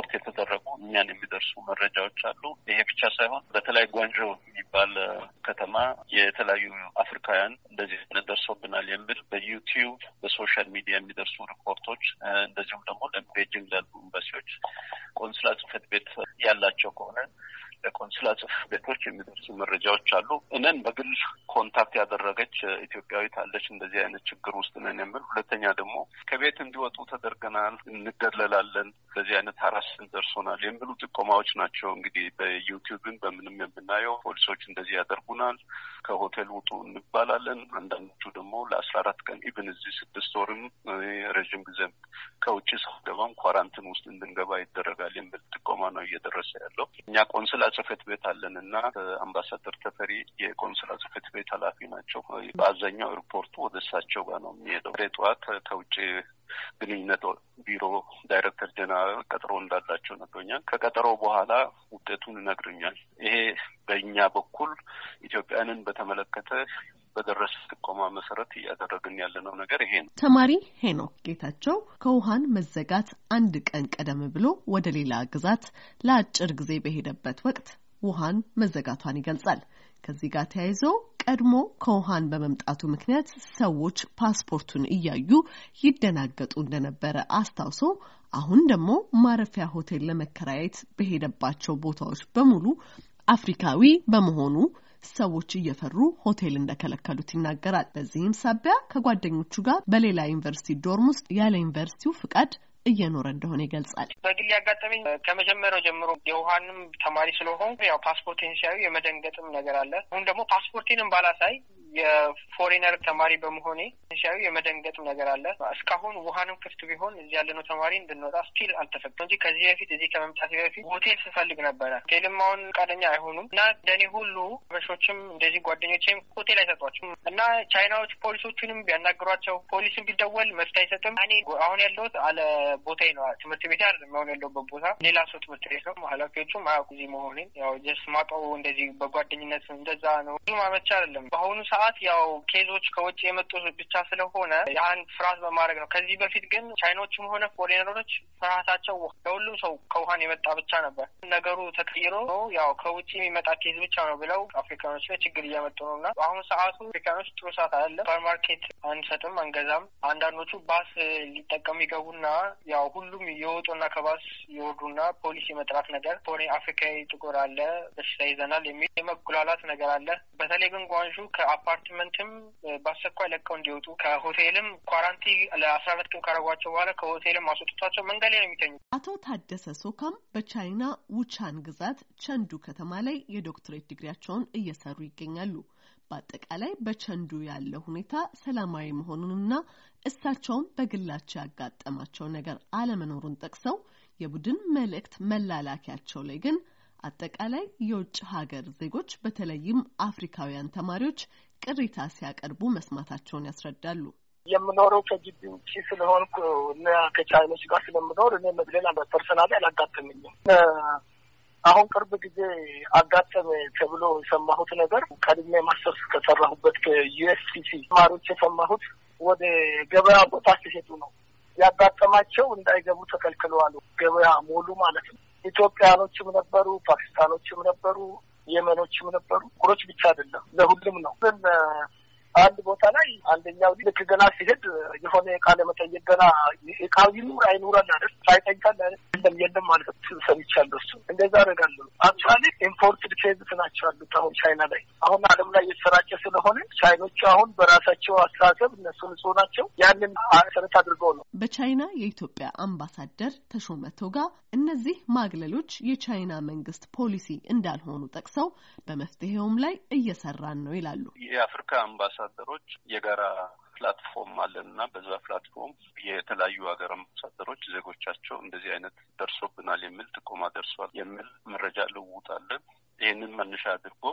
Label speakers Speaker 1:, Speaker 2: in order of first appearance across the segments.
Speaker 1: ሪፖርት የተደረጉ እኛን የሚደርሱ መረጃዎች አሉ። ይሄ ብቻ ሳይሆን በተለይ ጓንጆ የሚባል ከተማ የተለያዩ አፍሪካውያን እንደዚህ ደርሶብናል የሚል በዩቲዩብ በሶሻል ሚዲያ የሚደርሱ ሪፖርቶች እንደዚሁም ደግሞ ለቤጂንግ ላሉ ኤምባሲዎች ቆንስላ ጽህፈት ቤት ያላቸው ከሆነ ለቆንስላ ጽህፈት ቤቶች የሚደርሱ መረጃዎች አሉ። እነን በግል ኮንታክት ያደረገች ኢትዮጵያዊት አለች። እንደዚህ አይነት ችግር ውስጥ ነን የምል። ሁለተኛ ደግሞ ከቤት እንዲወጡ ተደርገናል፣ እንገለላለን በዚህ አይነት ሀራስን ደርሶናል የሚሉ ጥቆማዎች ናቸው። እንግዲህ በዩቲዩብን በምንም የምናየው ፖሊሶች እንደዚህ ያደርጉናል፣ ከሆቴል ውጡ እንባላለን። አንዳንዶቹ ደግሞ ለአስራ አራት ቀን ኢብን እዚህ ስድስት ወርም ረዥም ጊዜ ከውጭ ሳገባም ኳራንትን ውስጥ እንድንገባ ይደረጋል የሚል ጥቆማ ነው እየደረሰ ያለው። እኛ ቆንስላ ጽፈት ቤት አለን እና አምባሳደር ተፈሪ የቆንስላ ጽሕፈት ቤት ኃላፊ ናቸው። በአብዛኛው ሪፖርቱ ወደ እሳቸው ጋር ነው የሚሄደው። ጠዋት ከውጭ ግንኙነት ቢሮ ዳይሬክተር ጀነራል ቀጠሮ እንዳላቸው ነግሮኛል። ከቀጠሮ በኋላ ውጤቱን ይነግርኛል። ይሄ በእኛ በኩል ኢትዮጵያንን በተመለከተ በደረሰ ጥቆማ መሰረት እያደረግን ያለነው ነገር ይሄ ነው።
Speaker 2: ተማሪ ሄኖክ ጌታቸው ከውሃን መዘጋት አንድ ቀን ቀደም ብሎ ወደ ሌላ ግዛት ለአጭር ጊዜ በሄደበት ወቅት ውሃን መዘጋቷን ይገልጻል። ከዚህ ጋር ተያይዞ ቀድሞ ከውሃን በመምጣቱ ምክንያት ሰዎች ፓስፖርቱን እያዩ ይደናገጡ እንደነበረ አስታውሶ አሁን ደግሞ ማረፊያ ሆቴል ለመከራየት በሄደባቸው ቦታዎች በሙሉ አፍሪካዊ በመሆኑ ሰዎች እየፈሩ ሆቴል እንደከለከሉት ይናገራል። በዚህም ሳቢያ ከጓደኞቹ ጋር በሌላ ዩኒቨርሲቲ ዶርም ውስጥ ያለ ዩኒቨርሲቲው ፍቃድ እየኖረ እንደሆነ ይገልጻል።
Speaker 3: በግል ያጋጠመኝ ከመጀመሪያው ጀምሮ የውሃንም ተማሪ ስለሆን ያው ፓስፖርቴን ሲያዩ የመደንገጥም ነገር አለ። አሁን ደግሞ ፓስፖርቴንም ባላሳይ የፎሬነር ተማሪ በመሆኔ ንሻዊ የመደንገጥ ነገር አለ። እስካሁን ውሀንም ክፍት ቢሆን እዚህ ያለነው ተማሪ እንድንወጣ ስቲል አልተፈቀደም እንጂ ከዚህ በፊት እዚህ ከመምጣት በፊት ሆቴል ስፈልግ ነበረ። ሆቴልም አሁን ፈቃደኛ አይሆኑም እና እንደኔ ሁሉ በሾችም እንደዚህ ጓደኞቼም ሆቴል አይሰጧቸውም እና ቻይናዎች ፖሊሶቹንም ቢያናግሯቸው ፖሊስም ቢደወል መፍት አይሰጥም። እኔ አሁን ያለሁት አለ ቦታ ነው ትምህርት ቤት አይደለም አሁን ያለሁበት ቦታ ሌላ ሰው ትምህርት ቤት ነው። ኃላፊዎቹም አያውቁ እዚህ መሆኔን ያው ጀስት ማውቀው እንደዚህ በጓደኝነት እንደዛ ነው ብዙም አመቻ አይደለም በአሁኑ ሰ ሰዓት ያው ኬዞች ከውጭ የመጡ ብቻ ስለሆነ ያን ፍርሃት በማድረግ ነው። ከዚህ በፊት ግን ቻይኖችም ሆነ ፎሬነሮች ፍርሃታቸው ለሁሉም ሰው ከውሀን የመጣ ብቻ ነበር። ነገሩ ተቀይሮ ያው ከውጭ የሚመጣ ኬዝ ብቻ ነው ብለው አፍሪካኖች ላይ ችግር እያመጡ ነው እና በአሁኑ ሰዓቱ አፍሪካኖች ጥሩ ሰዓት አለ። ማርኬት አንሰጥም፣ አንገዛም። አንዳንዶቹ ባስ ሊጠቀሙ ይገቡና ያው ሁሉም የወጡና ከባስ የወርዱና ፖሊስ የመጥራት ነገር ፎሬ አፍሪካዊ ጥቁር አለ በሽታ ይዘናል የሚል የመጉላላት ነገር አለ። በተለይ ግን ጓንሹ ከአፓ ከአፓርትመንትም በአስቸኳይ ለቀው እንዲወጡ ከሆቴልም ኳራንቲ ለአስራ ሁለት ቀን ካረጓቸው በኋላ ከሆቴልም አስወጥቷቸው መንገድ ላይ ነው የሚተኙ።
Speaker 2: አቶ ታደሰ ሶካም በቻይና ውቻን ግዛት ቸንዱ ከተማ ላይ የዶክትሬት ዲግሪያቸውን እየሰሩ ይገኛሉ። በአጠቃላይ በቸንዱ ያለ ሁኔታ ሰላማዊ መሆኑንና እሳቸውም በግላቸው ያጋጠማቸው ነገር አለመኖሩን ጠቅሰው የቡድን መልእክት መላላኪያቸው ላይ ግን አጠቃላይ የውጭ ሀገር ዜጎች በተለይም አፍሪካውያን ተማሪዎች ቅሬታ ሲያቀርቡ መስማታቸውን ያስረዳሉ። የምኖረው ከግቢ
Speaker 4: ውጭ ስለሆንኩ እና ከቻይኖች ጋር ስለምኖር እኔ መግለል ፐርሰናሊ አላጋጠመኝም። አሁን ቅርብ ጊዜ አጋጠመ ተብሎ የሰማሁት ነገር ቀድሜ ማስተርስ ከሰራሁበት ከዩኤስሲሲ ተማሪዎች የሰማሁት ወደ ገበያ ቦታ ሲሄዱ ነው ያጋጠማቸው። እንዳይገቡ ተከልክለዋል። ገበያ ሞሉ ማለት ነው። ኢትዮጵያኖችም ነበሩ፣ ፓኪስታኖችም ነበሩ፣ የመኖችም ነበሩ። ኩሮች ብቻ አይደለም፣ ለሁሉም ነው ግን አንድ ቦታ ላይ አንደኛው ልክ ገና ሲሄድ የሆነ ዕቃ ለመጠየቅ ገና ዕቃ ይኑር አይኑረን አይደል ሳይጠይቀን የለም የለም ማለት ሰምቻለሁ። እሱ እንደዛ አደርጋለሁ። አክቹዋሊ ኢምፖርትድ ኬዝስ ናቸው ያሉት አሁን ቻይና ላይ አሁን ዓለም ላይ የተሰራጨ ስለሆነ ቻይኖቹ አሁን በራሳቸው አስተሳሰብ እነሱ ንጹህ
Speaker 2: ናቸው ያንን መሰረት አድርገው ነው። በቻይና የኢትዮጵያ አምባሳደር ተሾመ ቶጋ እነዚህ ማግለሎች የቻይና መንግስት ፖሊሲ እንዳልሆኑ ጠቅሰው በመፍትሄውም ላይ እየሰራን ነው ይላሉ።
Speaker 1: የአፍሪካ አምባሳ አምባሳደሮች የጋራ ፕላትፎርም አለን እና በዛ ፕላትፎርም የተለያዩ ሀገር አምባሳደሮች ዜጎቻቸው እንደዚህ አይነት ደርሶብናል የሚል ጥቆማ ደርሷል የሚል መረጃ ልውውጣለን። ይህንን መነሻ አድርጎ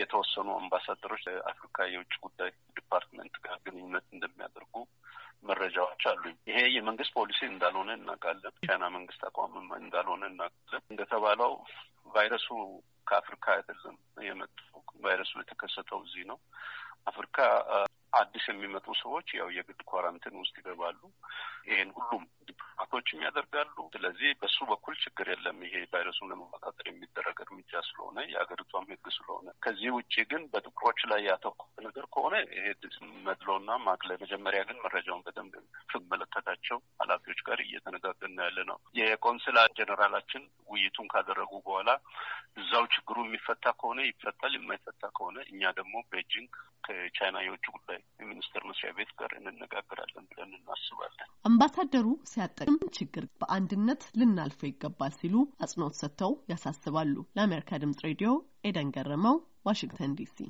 Speaker 1: የተወሰኑ አምባሳደሮች ለአፍሪካ የውጭ ጉዳይ ዲፓርትመንት ጋር ግንኙነት እንደሚያደርጉ መረጃዎች አሉኝ። ይሄ የመንግስት ፖሊሲ እንዳልሆነ እናውቃለን። ቻይና መንግስት አቋምም እንዳልሆነ እናውቃለን። እንደተባለው ቫይረሱ ከአፍሪካ አይደለም የመጣው። ቫይረሱ የተከሰተው እዚህ ነው። afirka አዲስ የሚመጡ ሰዎች ያው የግድ ኳራንቲን ውስጥ ይገባሉ። ይሄን ሁሉም ዲፕሎማቶችም ያደርጋሉ። ስለዚህ በሱ በኩል ችግር የለም። ይሄ ቫይረሱን ለመቆጣጠር የሚደረግ እርምጃ ስለሆነ የሀገሪቷም ሕግ ስለሆነ ከዚህ ውጭ ግን በጥቁሮች ላይ ያተኮረ ነገር ከሆነ ይሄ መድሎና ማክለ መጀመሪያ ግን መረጃውን በደንብ ስመለከታቸው ኃላፊዎች ጋር እየተነጋገርን ያለ ነው። የቆንስላ ጀኔራላችን ውይይቱን ካደረጉ በኋላ እዛው ችግሩ የሚፈታ ከሆነ ይፈታል፣ የማይፈታ ከሆነ እኛ ደግሞ ቤጂንግ ከቻይና የውጭ ጉዳይ የሚኒስቴር መስሪያ ቤት ጋር እንነጋገራለን ብለን እናስባለን።
Speaker 2: አምባሳደሩ ሲያጠቅም ችግር በአንድነት ልናልፈው ይገባል ሲሉ አጽንኦት ሰጥተው ያሳስባሉ። ለአሜሪካ ድምጽ ሬዲዮ ኤደን ገረመው ዋሽንግተን ዲሲ